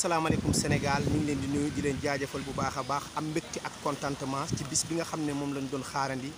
asalaamaaleykum Sénégal ñu ngi leen di nuyu di leen jaajëfal bu baax a baax am mbégte ak contentement ci bis bi nga xam ne moom lañ doon xaarandi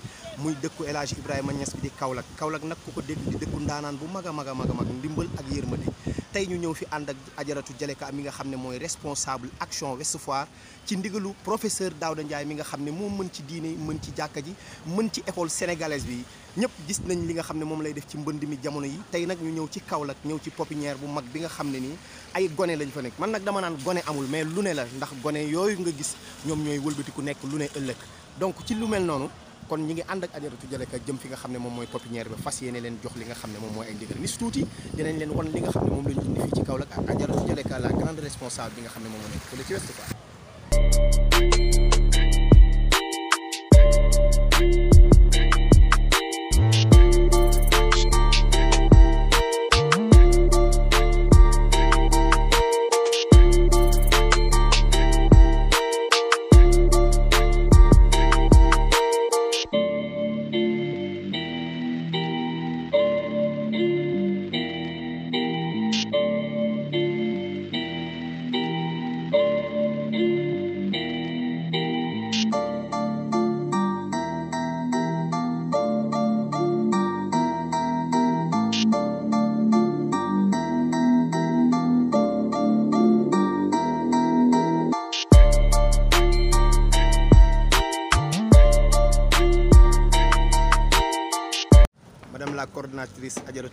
muy dëkku El Ibrahima ñas bi di Kaolack Kaolack nag ku ko dégg di dëkku ndaanaan bu mag a mag a mag a mag ndimbal ak yërmande tey ñu ñëw fi ànd ak ajaratu Jalika mi nga xam ne mooy responsable action Ouest Foire ci ndigalu professeur Daouda Ndiaye mi nga xam ne moo mën ci diine mën ci jàkka ji mën ci école sénégalaise bi ñëpp gis nañ li nga xam ne moom lay def ci mbënd mi jamono yi tey nag ñu ñëw ci Kaolack ñëw ci pépinière bu mag bi nga xam ne nii ay gone lañ fa nekk man nag dama naan gone amul mais lu ne la ndax gone yooyu nga gis ñoom ñooy wëlbati ku nekk lu ne ëllëg donc ci lu mel noonu kon ñi ngi ànd ak ajaratu Jalika jëm fi nga xam ne moom mooy pépinière bi fas yéene leen jox li nga xam ne moom mooy ay ndigal ni su tuuti dinañ leen wan li nga xam ne moom la ñu indi fii ci Kaolack ak ajaratu Jalika la grande responsable bi nga xam ne moom moo nekk fële ci Ouest Foire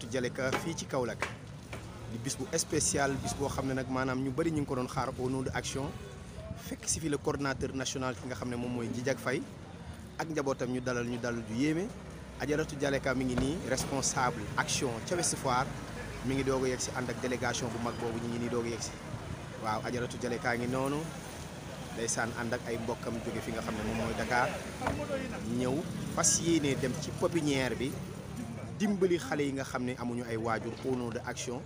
Jalika fi ci Kaolack di bis bu spécial bis bo xamné nak manam ñu bari ñu ko doon xaar au nom de Action fekk ci fi le coordinateur national ki nga xamné mom moy mooy Fay ak njabootam ñu dalal ñu dalal du yéme adjaratu Jalika mi ngi ni responsable Action ci Ouest Foire mi ngi doog yex ci si ak délégation bu mag bobu ñi ngi nii doog a yegg waaw adjaratu Jalika ngi nonu ndaysan ànd ak ay mbokkam jóge fi nga xamné mom moy Dakar ñew fas yéenee dem ci pépinière bi dimbali xalé yi nga xamné amuñu ay wajur au nom de action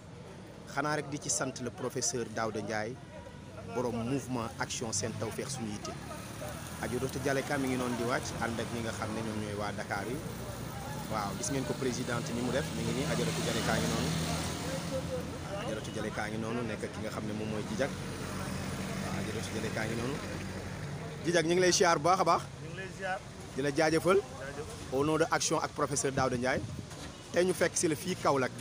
xana rek di ci sante le professeur Daouda Ndiaye borom mouvement action sen tawfeex suñu yitte aju Docteur Dialeka mi ngi non di wacc ànd ak ñi nga xamné ne ñoom wa Dakar yi waaw gis ngeen ko présidente ni mu def mi ngi nii aju Docteur Dialeka ngi noonu aju Docteur Dialeka ngi non nek ki nga xamné mom moy mooy Jijak waaw aju Docteur ngi non Jijak ñu ngi lay siyaar bu baax ngi lay di la jaajëfal au nom de action ak professeur Daouda Ndiaye tey ñu fekk ci le fi Kaolack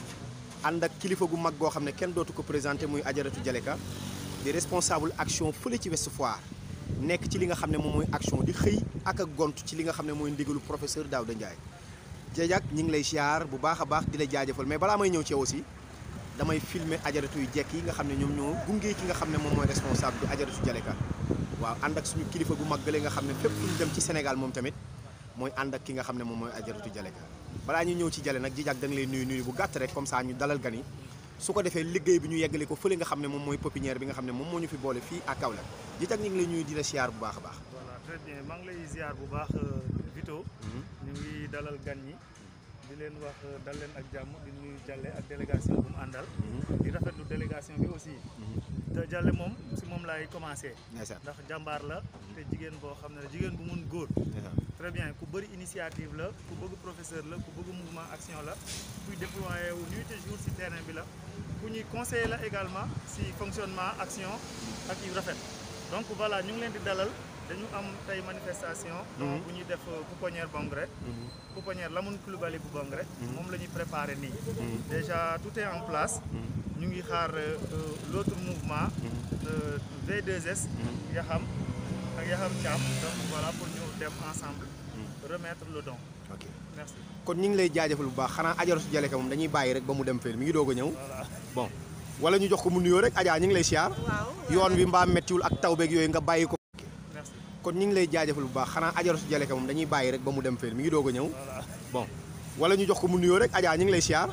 and ak kilifa gu mag go xam kenn dootu ko présenter muy adjaratu Jalika di responsable action feulé ci Ouest Foire nekk ci li nga xam mom moom action di xey ak ak gontu ci li nga xam moy ndigelu professeur Daouda Ndiaye jajak ñing lay xiar bu baax baax di la jaajeufal mais bala may ñew ci aussi damay filmer adjaratu yu jekk yi nga xam ñom ñoo gungé ki nga xam mom moom responsable du adjaratu Jalika waaw and ak suñu kilifa gu mag gële nga xam ne ñu dem ci Sénégal mom tamit moy and ak ki nga xam mom moom adjaratu ajaratu balaa ñu ñëw ci jale nag jijaak da nga lay nuyu nuyu bu gàtt rek comme ça ñu dalal gan yi su ko defee liggéey bi ñu yeggale ko fële nga xam ne moom mooy pépinière bi nga xam ne moom moo fi boole fii ak Kaolack jijaak ñu ngi lay ngi lay siyaar bu baax euh, Vito mhm. ñu ngi dalal gan ñi di leen wax euh, dal leen ak jàmm di nuyu Jalle ak délégation bu mu àndal mhm. di rafetlu délégation bi aussi mhm. te Jalle moom si moom laay commencé ndax jàmbaar la te jigéen boo xam ne jigéen bu mun góor très bien ku bari initiative la ku bëgg professeur la ku bëgg mouvement action la kuy déployé wu nuit et jour si terrain bi la ku ñuy conseiller la également si fonctionnement action ak yu rafet donc voilà ñu ngi leen di dalal dañu am tay manifestation mhm. donc bu ñuy def euh, pouponnière Bongré mhm. pouponnière lamun Coulibaly bu Bongré mom mhm. la ñuy préparé ni déjà tout est en place ñu ngi xaar euh, euh, l'autre mouvement V2S Yaxam ak Yaxam Thiam donc voilà pour dem ensemble. Mm. remettre le don. kon ñu ngi lay jaajëfal bu baax xanaa Ajaratu Jalika moom dañuy bàyyi rek ba mu dem fii mi ngi doog a ñëw. bon wala ñu jox ko mu rek Adja ñu ngi lay siyaar. yoon bi mbaa méttiwul ak taw yooyu nga bàyyi ko. kon ñu ngi lay jaajëfal bu baax xanaa Ajaratu Jalika moom dañuy bàyyi rek mu dem fii mi ngi doog a ñëw. bon wala ñu jox ko mu nuyoo rek Adja ñu ngi lay siyaar.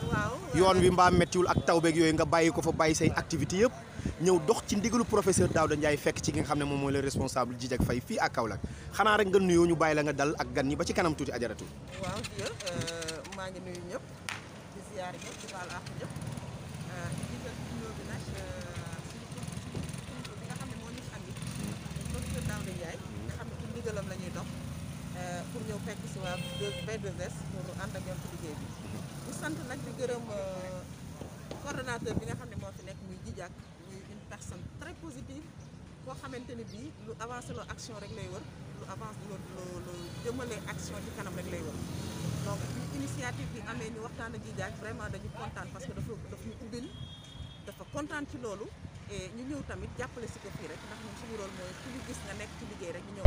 yoon wi mbaa méttiwul ak taw yooyu nga bàyyi ko fa bàyyi say activité yëpp ñew dox ci ndigalu professeur Daouda Ndiaye fekk ci nga xamne mom moy le responsable ji jak fay fi ak Kaolack xana rek nga ñu nga dal ak gan ñi ba ci kanam tuti ajaratu waaw dieu euh, maa ngi nuyu ñëpp di ziar di ak euh, di euh, bi nga ñu professeur Daouda Ndiaye mm-hmm. nga ci ndigalam pour fekk b personne très positive koo xamante ni bii lu avancé loo action rek lay wër lu avancé lu lu jëmale action ci kanam rek lay wër donc initiative bi amee ñu waxtaan ak Djidiack vraiment dañu kontaan parce que dafa dafa ñu ubbil dafa kontaan ci loolu et ñu ñëw tamit jàppale si ko fii rek ndax ñun suñu rôle mooy ci lu gis nga nekk ci liggéey rek ñu ñëw.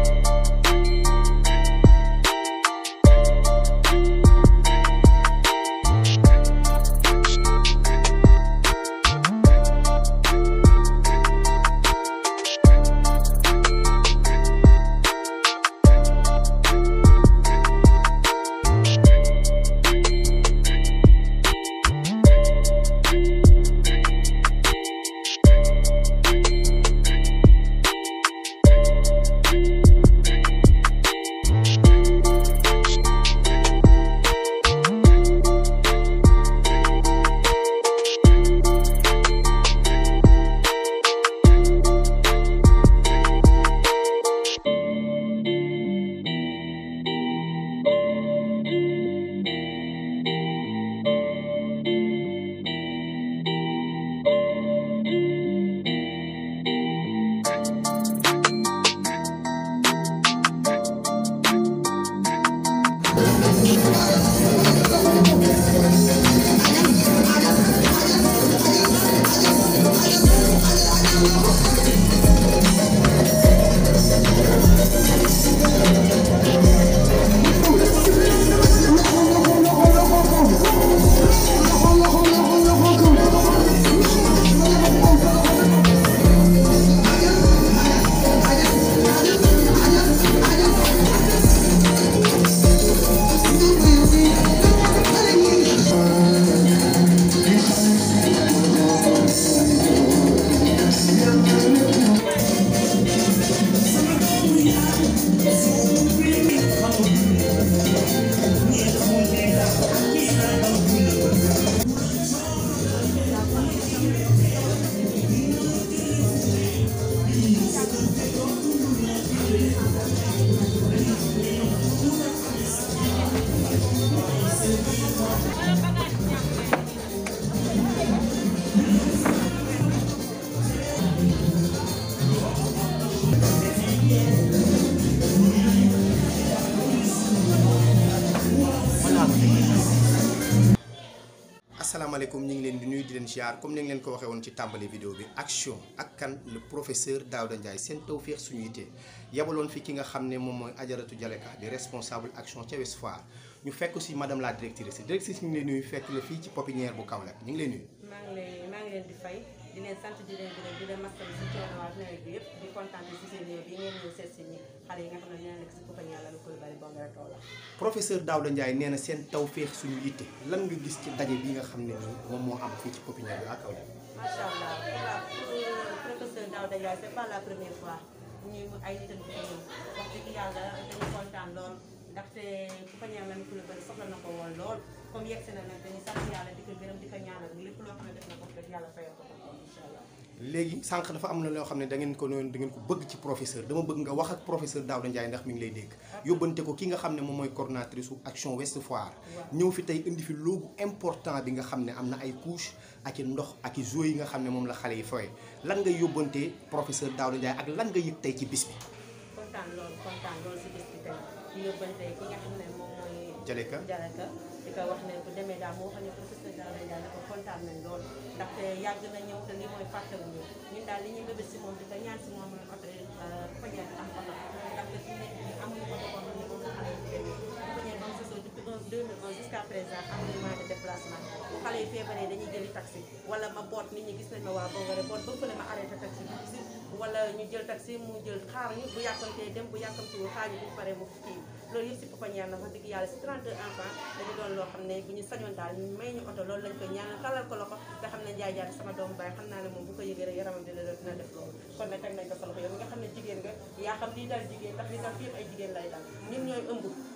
Thank you. leen ziar comme ni nga ko waxee woon ci tàmbali vidéo bi action ak kan le professeur Daouda Ndiaye seen tawféex suñu yitee yabaloon fi ki nga xam ne moom mooy ajaratu Jaleka di responsable action ca Ouest Foire ñu fekk si madame la directrice directrice ñu ngi lay nuyu fekk la fii ci pépinière bu Kaolack ñu ngi lay nuyu. maa ngi lay maa ngi leen di fay di leen sant di leen gërëm di leen masal si coono waa nawet bi yëpp di kontaan si seen ñëw bi ngeen ñëw seet si ñi xale yi nga xam ne ñoo nekk si pépinière la professeur Daouda Ndiaye nee na seen taw féex suñu yitte lan nga gis ci daje bi nga xam ne nii moom moo am fii ci Pépinière bi ak Kaolack. la première fois ñu ay nit bu lool soxla na ko woon lool comme yegg na nag dañu sant yàlla di ko gërëm di ko ñaanal lépp loo xam ne def na ko def yàlla fayal ko incha allah. léegi sànq dafa am na loo xam ne da ngeen ko noonu da ngeen ko bëgg ci professeur dama bëgg nga wax ak professeur Daouda Ndiaye ndax mi ngi lay dégg ah. yóbbante ko ki nga xam ne moom mooy coordonnatrice su action Ouest ñëw fi tey indi fi loogu important bi nga xam ne am na ay couche ak ndox ak i yi nga xam ne moom la xale yi fooy lan nga yóbbante professeur Daouda Ndiaye ak lan nga yëg tey ci bis bi. di wax ne bu demee daal moo xam ne professeur daal lañ daal dafa kontaan nañ lool ndaxte yàgg na ñëw te lii mooy fàttewu ñu ñun daal li ñuy bébé si moom di ko ñaan si moom fajar am ko ndaxte fi 2001 jusqu'à présent amuñu moyen de déplacement bu xale yi feebaree dañuy jëli taxi wala ma boot nit ñi gis nañ ma waa Bongore boot ba fële ma arrêté taxi bi gis wala ñu jël taxi mu jël xaar ñu bu yàkkamtee dem bu yàkkamtiwul xaar ñu bu paree mu kii loolu yëpp si Papa Ndiane la loo xam ne bu ñu sañoon daal may ñu oto loolu lañ koy ñaanal talal ko loxo nga xam ne Ndiaye Diagne sama doomu baay xam naa ne moom bu ko yëgee rek yaramam dina def loolu kon nag teg nañ nga xam ne jigéen nga yaa xam lii dal jigéen ndax li dal fii ay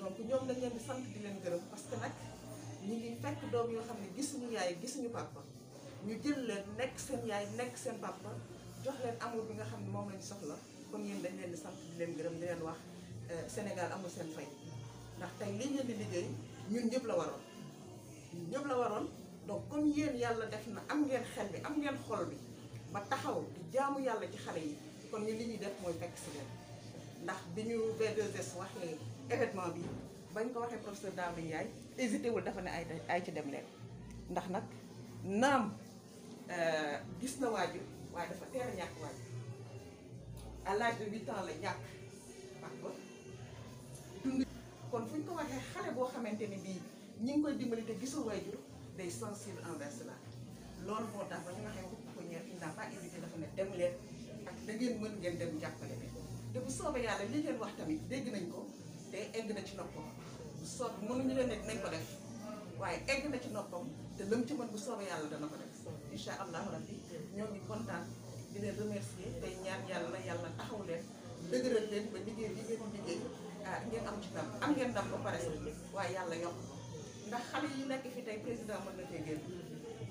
donc ñoom dañ leen di sant di leen gërëm parce que nag ñu ngi fekk doom yoo xam ne gisuñu yaay gisuñu papa ñu jël leen nekk seen yaay nekk seen papa jox leen amul bi nga xam ne moom lañu soxla kon yéen dañ leen di sant di leen gërëm di leen wax euh, Sénégal amul seen fay ndax tey li ngeen di liggéey ñun ñëpp la waroon ñun ñëpp la waroon donc kon yéen yàlla def na am ngeen xel bi am ngeen xol bi ba taxaw di jaamu yàlla ci xale yi kon ñu li ñuy def mooy fekk si leen ndax bi ñu V2S waxee événement bi bañ ko waxee professeur Daouda Ndiaye hésité wul dafa ne ay ay ci dem leen ndax nag naam euh, gis na waajur waaye dafa teel a ñàkk waajur à l'âge de huit la ñàkk wax ba dund kon fu ñu ko waxee xale boo xamante ni bii ñi ngi koy dimbali te gisul waajur day sensible envers la loolu moo tax ba ñu waxee ko pouponnière il n'a pas hésité dafa ne dem leen ak da ngeen mën ngeen dem jàppale bi te bu soobee yàlla li wax tamit dégg nañ ko te egg na ci noppam bu soob mënuñu leen ne ko def waaye egg na ci noppam te lëm ci mën bu soobee yàlla dana ko def incha allahu rabbi ñoo ngi kontaan di leen remercier tey ñaan yàlla na yàlla taxaw leen dëgëral leen ba liggéey bi ngeen liggéey ah ngeen am ci ndam am ngeen ndam ba pare sax waaye yàlla yokk ndax xale yi nekk fi tey président mën na fee génn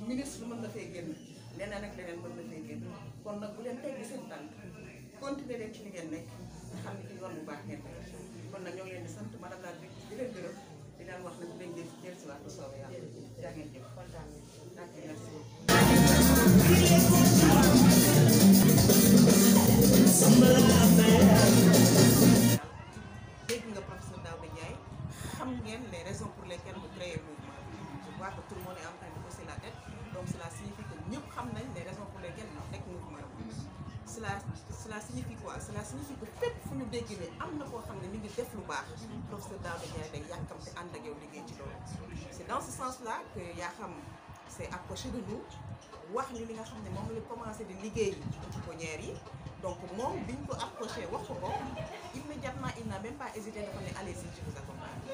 ministre mën na fee génn leneen ak leneen mën na fee génn kon nag bu leen teggi seen tànk continuer ci li ngeen nekk xam ne ci kon nag ñoo leen sant ma la directrice di leen gërëm wax nag dinañ leen jël si waat bu soobee yàlla jaa ngeen jëf kontaan nañu merci dégg nga professeur Daouda Ndiaye xam ngeen les raisons pour lesquelles mu créé mouvement je vois que tout le monde est en train de hausser la tête donc cela signifie que ñëpp xam nañ les raisons pour lesquelles mu teg mouvement cela cela signifie quoi cela signifie que fépp le ñu nous ne am na koo xam des mi ngi def lu baax professeur Daouda Ndiaye day yàkkamte ànd yow ci c'est dans ce sens là que yaa s'est approché de nous wax ñu li nga commencé à liggéey donc mon biñ ko approché wax immédiatement il n'a même pas hésité de dire allez-y je vous accompagne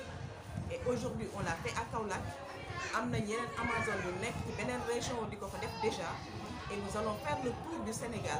et aujourd'hui on l'a fait à Kaulak, am Amazon le Amazone qui est ci beneen région du ko déjà et nous allons faire le tour du Sénégal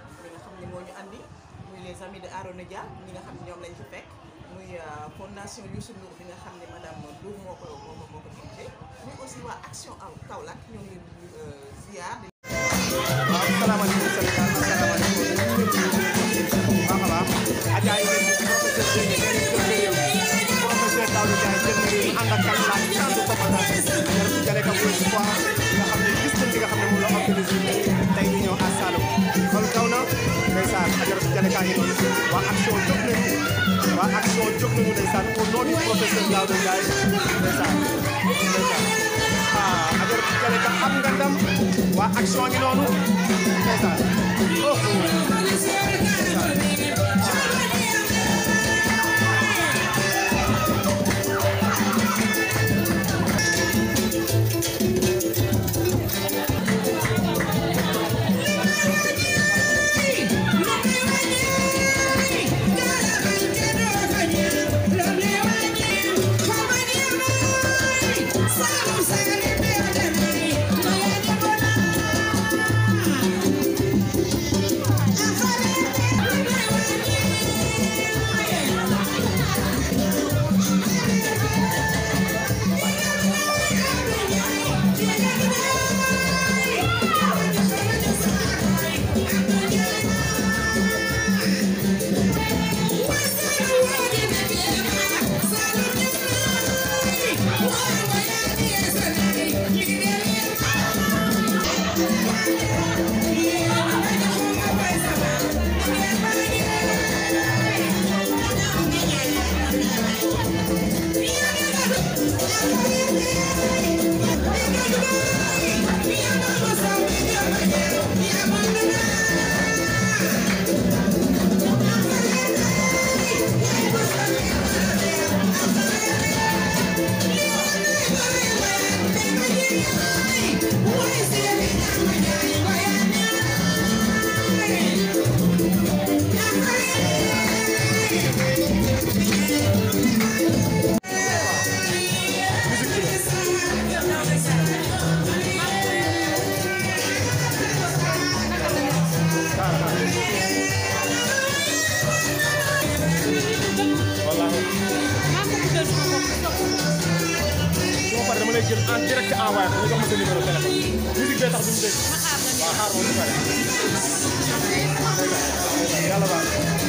ne moo ñu andi muy les amis de Arona Dia ñi nga xam ne ñoom lañ ci fekk muy euh, fondation Youssou Ndour bi nga xam ne madame Ndour moo ko moo ko moo ko jiite waa action aw Kaolack ñoo ngi euh, ziar. waaw salaamaaleykum Sénégal. gaa ngi noonu waa action jóg nañu waa action jóg nañu ndeysaan au nom du professeur Daouda Ndiaye ndeysaan ndeysaan ah ajar jale ka am nga ndam waa action ngi noonu ndeysaan oh. wallaahi. maa ngi ko jël su ma paree dama lay jël en direct envoyé ko nga jox ma sa numéro téléphone. musique bee tax du mu dégg. ma xaar la waaw xaar ma ba pare. yàlla baax